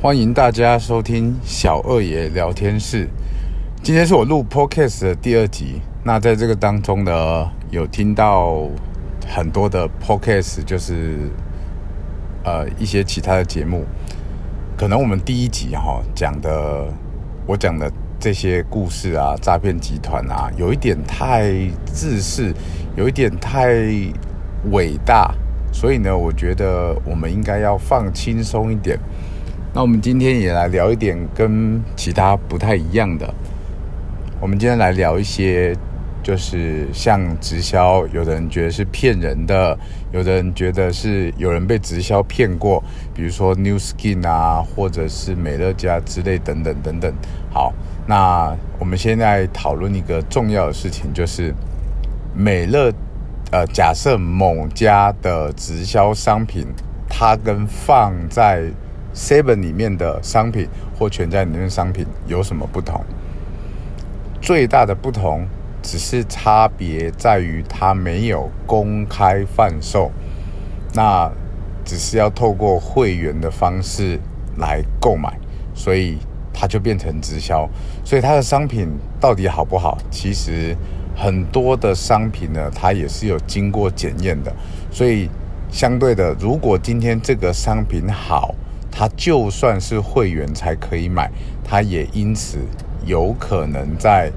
歡迎大家收聽小二爺聊天室。今天是我錄 Podcast 的第二集。那在這個當中呢，有聽到很多的 Podcast，就是呃一些其他的節目。可能我們第一集哈、哦、講的，我講的這些故事啊，詐騙集團啊，有一點太自私，有一點太偉大，所以呢，我覺得我們應該要放輕鬆一點。那我們今天也來聊一點跟其他不太一樣的。我們今天來聊一些，就是像直銷，有的人覺得是騙人的，有的人覺得是有人被直銷騙過，比如說 New Skin 啊，或者是美樂家之類等等等等。好，那我們現在討論一個重要的事情，就是美樂，呃，假設某家的直銷商品，它跟放在 Seven 裡面的商品或全家裡面的商品有什麼不同？最大的不同只是差別在於它沒有公開販售，那只是要透過會員的方式來購買，所以它就變成直銷。所以它的商品到底好不好？其實很多的商品呢，它也是有經過檢驗的。所以相對的，如果今天這個商品好，他就算是會員才可以買，他也因此有可能在，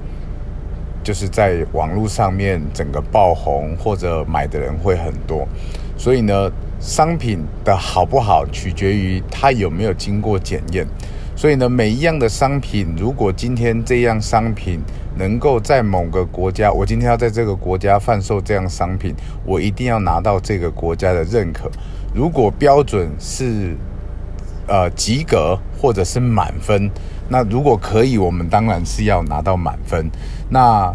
就是在網絡上面整個爆紅，或者買的人會很多。所以呢，商品的好不好取決於他有沒有經過檢驗。所以呢，每一樣的商品，如果今天這樣商品能夠在某個國家，我今天要在這個國家販售這樣商品，我一定要拿到這個國家的認可。如果標準是。呃，及格或者是滿分，那如果可以，我們當然是要拿到滿分。那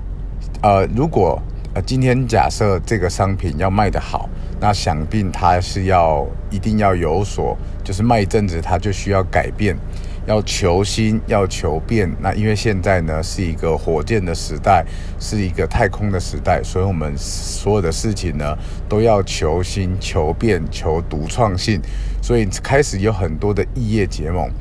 呃，如果，呃，今天假設這個商品要賣得好，那想必它是要一定要有所，就是賣一陣子，它就需要改變。要求新，要求變。那因為現在呢是一個火箭的時代，是一個太空的時代，所以我們所有的事情呢都要求新、求變、求獨創性。所以開始有很多的異業結盟。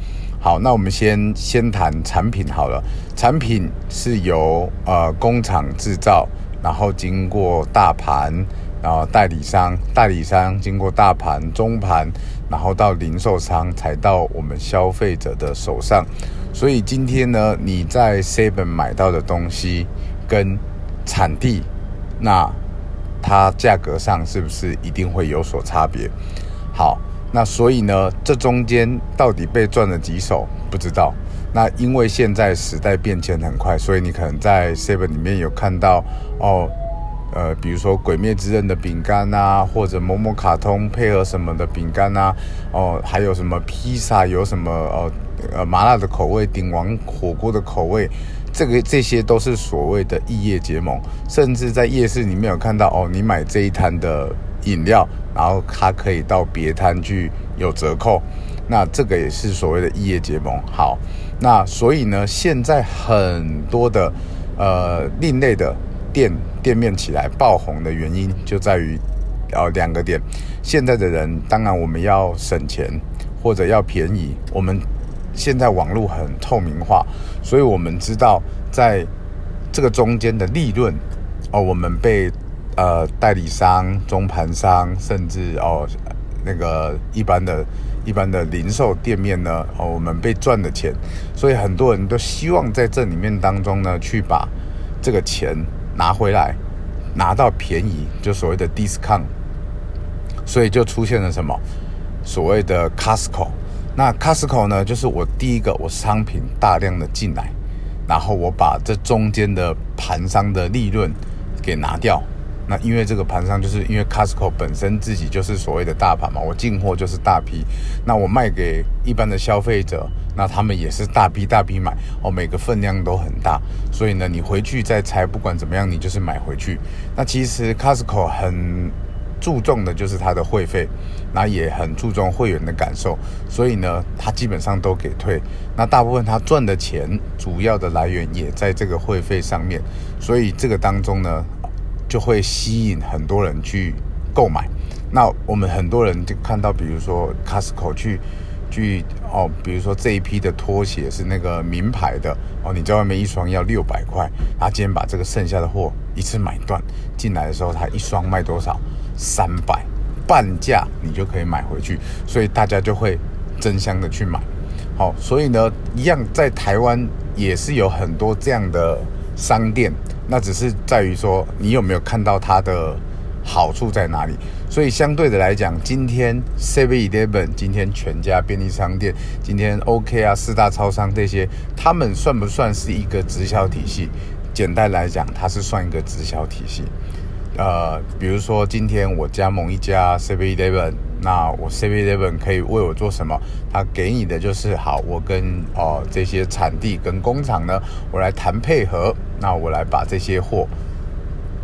好，那我們先先談產品好了。產品是由呃工廠製造，然後經過大盤。然後代理商，代理商經過大盤、中盤，然後到零售商，才到我們消費者的手上。所以今天呢，你在 Seven 買到的東西，跟產地，那它價格上是不是一定會有所差別？好，那所以呢，這中間到底被賺了幾手？不知道。那因為現在時代變遷很快，所以你可能在 Seven 裡面有看到，哦。呃，比如說《鬼滅之刃》的餅乾啊，或者某某卡通配合什麼的餅乾吶、啊，哦，還有什麼披薩有什麼哦呃麻辣的口味、頂王火鍋的口味，這個這些都是所謂的異業結盟。甚至在夜市裡面有看到哦，你買這一攤的飲料，然後它可以到別攤去有折扣，那這個也是所謂的異業結盟。好，那所以呢，現在很多的呃另類的。店店面起來爆紅的原因就在於，兩個點。現在的人當然我們要省錢或者要便宜。我們現在網絡很透明化，所以我們知道在這個中間的利潤，哦，我們被呃代理商、中盤商，甚至哦、呃、那個一般的一般的零售店面呢，哦，我們被賺的錢。所以很多人都希望在這裡面當中呢，去把這個錢。拿回來，拿到便宜，就所謂的 discount，所以就出現了什麼所謂的 Costco。那 Costco 呢，就是我第一個，我商品大量的進來，然後我把這中間的盤商的利潤給拿掉。那因為這個盤上，就是因為 Costco 本身自己就是所謂的大盤嘛，我進貨就是大批，那我賣給一般的消費者，那他們也是大批大批買哦，每個分量都很大，所以呢，你回去再拆，不管怎麼樣，你就是買回去。那其實 Costco 很注重的就是它的會費，那也很注重會員的感受，所以呢，他基本上都給退。那大部分他賺的錢主要的來源也在這個會費上面，所以這個當中呢。就會吸引很多人去購買。那我們很多人就看到，比如說 Costco 去去哦，比如說這一批的拖鞋是那個名牌的哦，你在外面一雙要六百塊，他今天把這個剩下的貨一次買斷，進來的時候他一雙賣多少？三百，半價你就可以買回去，所以大家就會爭相的去買。好、哦，所以呢，一樣在台灣也是有很多這樣的商店。那只是在於說，你有沒有看到它的好處在哪裡？所以相對的來講，今天7-11，今天全家便利商店、今天 OK 啊，四大超商這些，他們算不算是一個直銷體系？簡單來講，它是算一個直銷體系。呃，比如說今天我加盟一家7-11那我7-11可以為我做什麼？他給你的就是好，我跟哦、呃、這些產地跟工廠呢，我來談配合，那我來把這些貨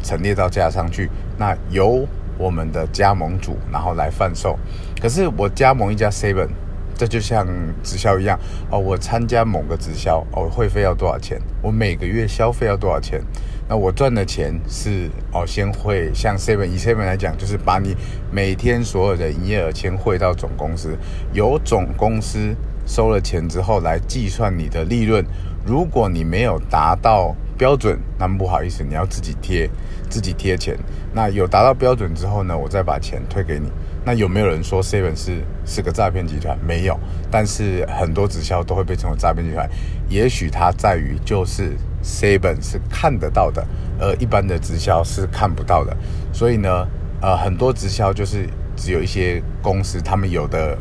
陳列到架上去，那由我們的加盟主然後來販售。可是我加盟一家7-11。這就像直銷一樣哦，我參加某個直銷哦，會費要多少錢？我每個月消費要多少錢？那我賺的錢是哦，先匯像7-11來講，就是把你每天所有的營業額先匯到總公司，由總公司收了錢之後來計算你的利潤。如果你沒有達到標準，那麼不好意思，你要自己貼。自己貼錢，那有達到標準之後呢，我再把錢退給你。那有沒有人說 Seven 是是個詐騙集團？沒有，但是很多直銷都會被稱為詐騙集團。也許它在於就是 Seven 是看得到的，而一般的直銷是看不到的。所以呢，呃，很多直銷就是只有一些公司，他們有的，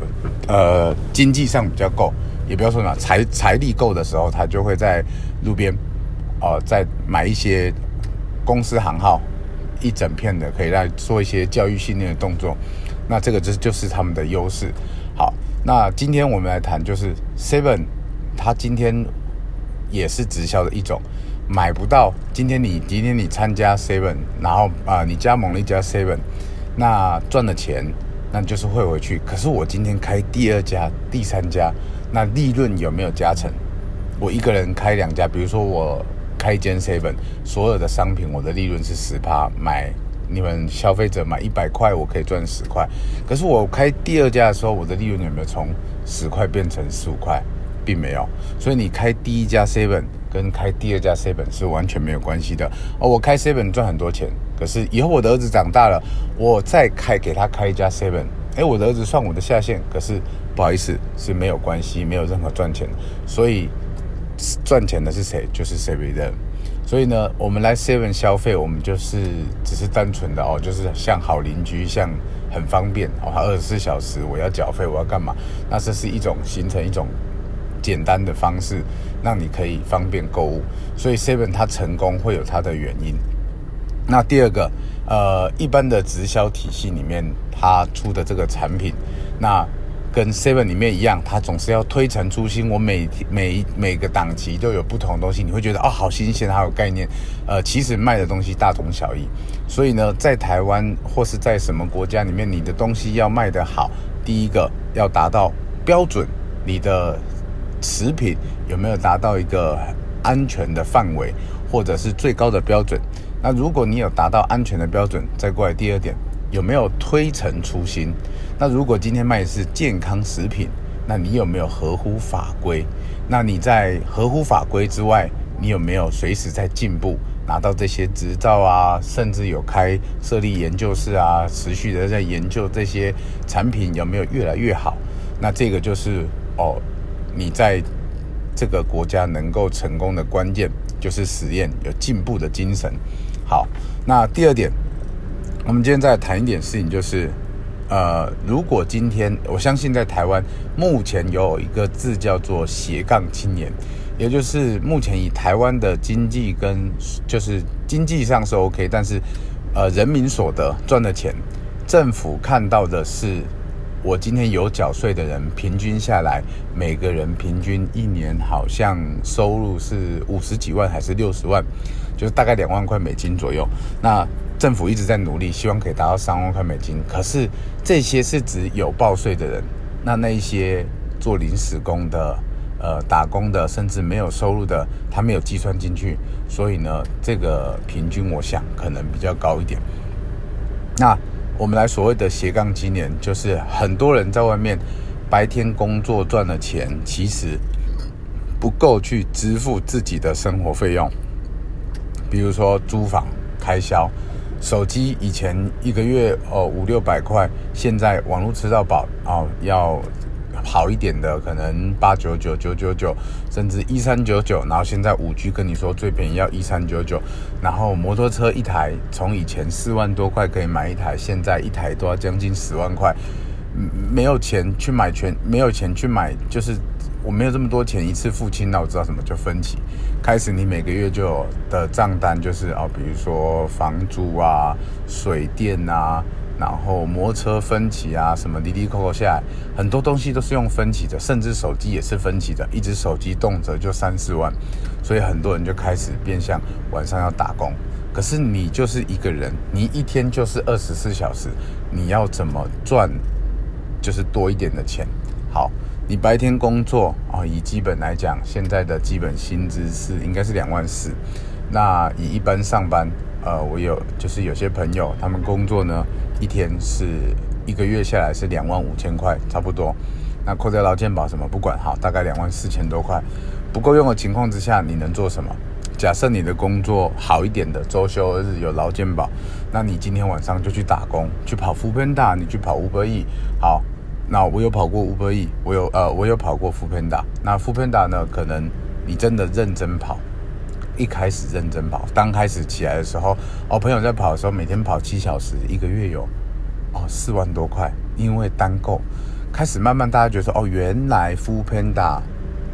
呃，經濟上比較夠，也不要說哪財財力夠的時候，他就會在路邊，哦、呃，在買一些。公司行號一整片的，可以來做一些教育訓練的動作。那這個就是、就是、他們的優勢。好，那今天我們來談，就是 Seven，它今天也是直銷的一種，買不到。今天你今天你參加 Seven，然後啊、呃，你加盟了一家 Seven，那賺了錢那就是匯回去。可是我今天開第二家、第三家，那利潤有沒有加成？我一個人開兩家，比如說我。開間 seven，所有的商品我的利潤是十趴，買你們消費者買一百塊，我可以賺十塊。可是我開第二家的時候，我的利潤有沒有從十塊變成十五塊？並沒有。所以你開第一家 seven 跟開第二家 seven 是完全沒有關係的。哦，我開 seven 賺很多錢，可是以後我的兒子長大了，我再開給他開一家 seven。欸，我的兒子算我的下線，可是不好意思，是沒有關係，沒有任何賺錢。所以。賺錢的是誰？就是 Seven，所以呢，我們來 Seven 消費，我們就是只是單純的哦，就是像好鄰居，像很方便哦，二十四小時我要繳費，我要幹嘛？那這是一種形成一種簡單的方式，讓你可以方便購物。所以 Seven 它成功會有它的原因。那第二個，呃，一般的直銷體系裡面，它出的這個產品，那。跟 Seven 裡面一樣，它總是要推陳出新。我每每每個檔期都有不同的東西，你會覺得哦，好新鮮，還有概念。呃，其實賣的東西大同小異。所以呢，在台灣或是在什麼國家裡面，你的東西要賣得好，第一個要達到標準，你的食品有沒有達到一個安全的範圍，或者是最高的標準？那如果你有達到安全的標準，再過來第二點。有沒有推陳出新？那如果今天賣的是健康食品，那你有沒有合乎法規？那你在合乎法規之外，你有沒有隨時在進步，拿到這些執照啊？甚至有開設立研究室啊，持續的在研究這些產品有沒有越來越好？那這個就是哦，你在這個國家能夠成功的關鍵，就是實驗有進步的精神。好，那第二點。我們今天再談一點事情，就是，呃，如果今天我相信在台灣，目前有一個字叫做“斜槓青年”，也就是目前以台灣的經濟跟就是經濟上是 OK，但是，呃，人民所得賺的錢，政府看到的是，我今天有繳稅的人，平均下來每個人平均一年好像收入是五十幾萬還是六十萬，就是大概兩萬塊美金左右，那。政府一直在努力，希望可以達到三萬塊美金。可是這些是指有報稅的人，那那一些做臨時工的，呃打工的，甚至沒有收入的，他沒有計算進去。所以呢，這個平均我想可能比較高一點。那我們來所謂的斜槓青年，就是很多人在外面白天工作賺的錢，其實不夠去支付自己的生活費用，比如說租房開銷。手機以前一個月哦五六百塊，現在網絡吃到飽哦，要好一點的可能八九九九九九，甚至一三九九。然後現在五 G 跟你說最便宜要一三九九。然後摩托車一台，從以前四萬多塊可以買一台，現在一台都要將近十萬塊，沒有錢去買全，沒有錢去買就是。我沒有這麼多錢一次付清，那我知道什麼叫分期。開始你每個月就有的賬單就是哦，比如說房租啊、水電啊，然後摩托車分期啊，什麼滴滴扣扣下來，很多東西都是用分期的，甚至手機也是分期的，一支手機動輒就三四萬，所以很多人就開始變相晚上要打工。可是你就是一個人，你一天就是二十四小時，你要怎麼賺就是多一點的錢？好。你白天工作，哦、以基本來講，現在的基本薪資是應該是兩萬四。那以一般上班，呃，我有就是有些朋友他們工作呢，一天是一個月下來是兩萬五千塊，差不多。那扣在勞健保什麼不管哈，大概兩萬四千多塊，不夠用的情況之下，你能做什麼？假設你的工作好一點的，周休二日有勞健保，那你今天晚上就去打工，去跑 foodpanda，你去跑 Uber Eats，好。那我有跑過 Uber Eats，我有呃，我有跑過 foodpanda。那 foodpanda 呢，可能你真的認真跑，一開始認真跑，剛開始起來的時候，哦，朋友在跑的時候，每天跑七小時，一個月有哦四萬多塊，因為單購。開始慢慢大家覺得哦，原來 foodpanda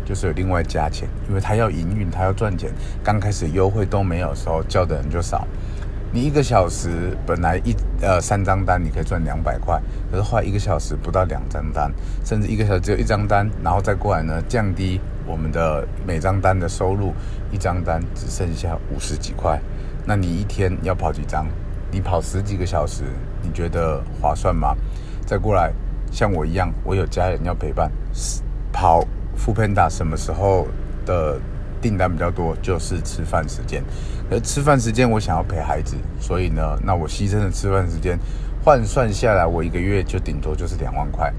就是有另外加錢，因為他要營運，他要賺錢。剛開始優惠都沒有的時候，叫的人就少。你一個小時本來一呃三張單，你可以賺兩百塊，可是花一個小時不到兩張單，甚至一個小時只有一張單，然後再過來呢，降低我們的每張單的收入，一張單只剩下五十幾塊，那你一天你要跑幾張？你跑十幾個小時，你覺得划算嗎？再過來像我一樣，我有家人要陪伴，跑 foodpanda 什麼時候的？訂單比較多，就是吃飯時間。而吃飯時間，我想要陪孩子，所以呢，那我犧牲了吃飯時間。換算下來，我一個月就頂多就是兩萬塊。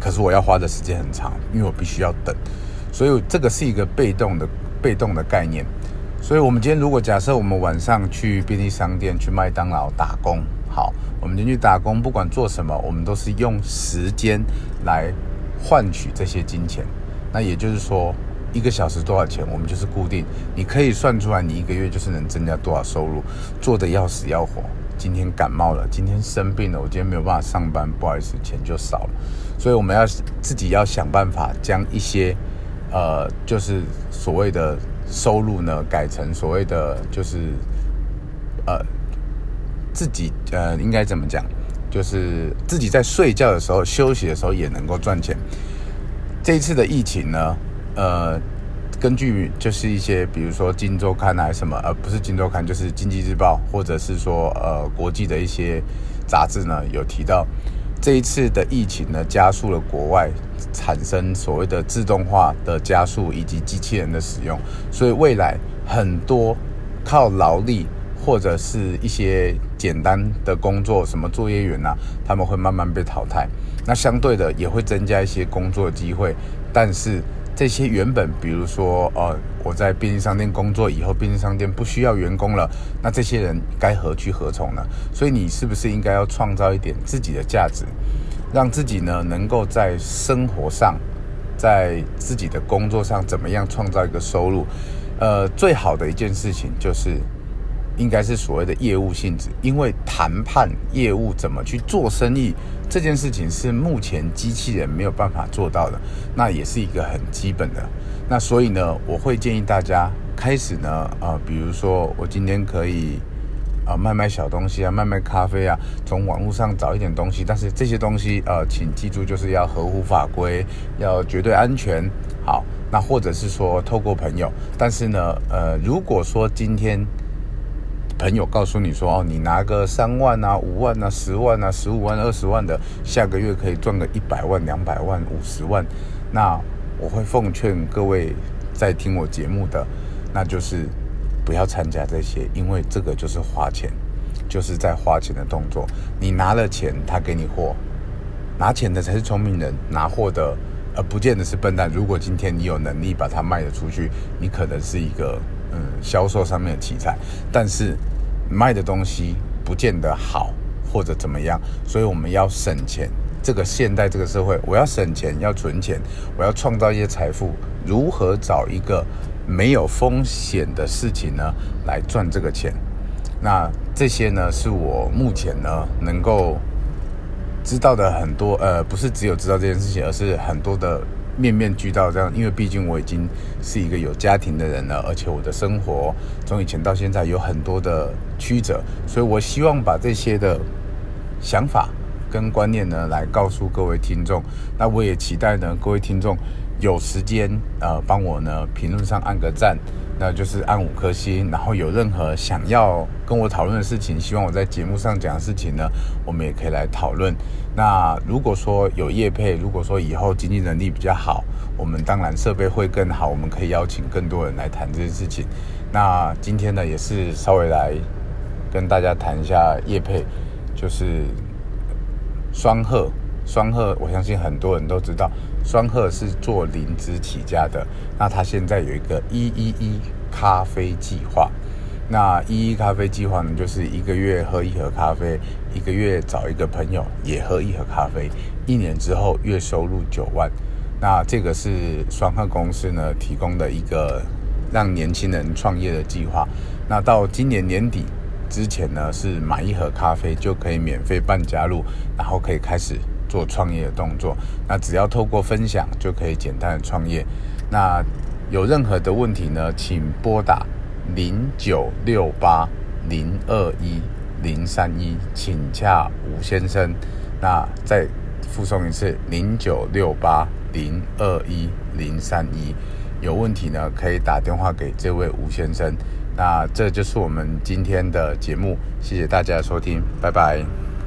可是我要花的時間很長，因為我必須要等。所以這個是一個被動的、被動的概念。所以，我們今天如果假設我們晚上去便利商店、去麥當勞打工，好，我們進去打工，不管做什麼，我們都是用時間來換取這些金錢。那也就是說。一個小時多少錢？我們就是固定，你可以算出來，你一個月就是能增加多少收入。做得要死要活，今天感冒了，今天生病了，我今天沒有辦法上班，不好意思，錢就少了。所以我們要自己要想辦法將一些，呃，就是所謂的收入呢，改成所謂的就是，呃，自己呃，應該怎麼講？就是自己在睡覺的時候、休息的時候也能夠賺錢。這一次的疫情呢？呃，根據就是一些比如說《今周刊》還是什麼，而、呃、不是《今周刊》，就是《經濟日報》或者是說呃國際的一些雜誌呢，有提到這一次的疫情呢，加速了國外產生所謂的自動化的加速以及機器人的使用，所以未來很多靠勞力或者是一些簡單的工作，什麼作業員吶、啊，他們會慢慢被淘汰。那相對的也會增加一些工作機會，但是。這些原本，比如說，呃，我在便利商店工作以後，便利商店不需要員工了，那這些人該何去何從呢？所以你是不是應該要創造一點自己的價值，讓自己呢能夠在生活上，在自己的工作上怎麼樣創造一個收入？呃，最好的一件事情就是。應該是所謂的業務性質，因為談判業務怎麼去做生意這件事情，是目前機器人沒有辦法做到的。那也是一個很基本的。那所以呢，我會建議大家開始呢，呃，比如說我今天可以呃賣賣小東西啊，賣賣咖啡啊，從網絡上找一點東西。但是這些東西呃，請記住，就是要合乎法規，要絕對安全。好，那或者是說透過朋友，但是呢，呃，如果說今天朋友告訴你說哦，你拿個三萬啊、五萬啊、十萬啊、十五萬、二十萬的，下個月可以賺個一百萬、兩百萬、五十萬。那我會奉勸各位在聽我節目的，那就是不要參加這些，因為這個就是花錢，就是在花錢的動作。你拿了錢，他給你貨，拿錢的才是聰明人，拿貨的而、呃、不見得是笨蛋。如果今天你有能力把它賣得出去，你可能是一個嗯銷售上面的奇才，但是。賣的東西不見得好或者怎麼樣，所以我們要省錢。這個現代這個社會，我要省錢，要存錢，我要創造一些財富。如何找一個沒有風險的事情呢？來賺這個錢。那這些呢，是我目前呢能夠知道的很多，呃，不是只有知道這件事情，而是很多的。面面俱到，這樣，因為畢竟我已經是一個有家庭的人了，而且我的生活從以前到現在有很多的曲折，所以我希望把這些的想法跟觀念呢來告訴各位聽眾。那我也期待呢各位聽眾有時間呃幫我呢評論上按個讚。那就是按五顆星，然後有任何想要跟我討論的事情，希望我在節目上講的事情呢，我們也可以來討論。那如果說有業配，如果說以後經濟能力比較好，我們當然設備會更好，我們可以邀請更多人來談這些事情。那今天呢，也是稍微來跟大家談一下業配，就是雙鶴，雙鶴，我相信很多人都知道。雙鶴是做靈芝起家的，那他現在有一個一一一咖啡計劃。那一一咖啡計劃呢，就是一個月喝一盒咖啡，一個月找一個朋友也喝一盒咖啡，一年之後月收入九萬。那這個是雙鶴公司呢提供的一個讓年輕人創業的計劃。那到今年年底之前呢，是買一盒咖啡就可以免費辦加入，然後可以開始。做創業的動作，那只要透過分享就可以簡單的創業。那有任何的問題呢，請撥打零九六八零二一零三一，請洽吳先生。那再複誦一次零九六八零二一零三一，有問題呢可以打電話給這位吳先生。那這就是我們今天的節目，謝謝大家的收聽，拜拜。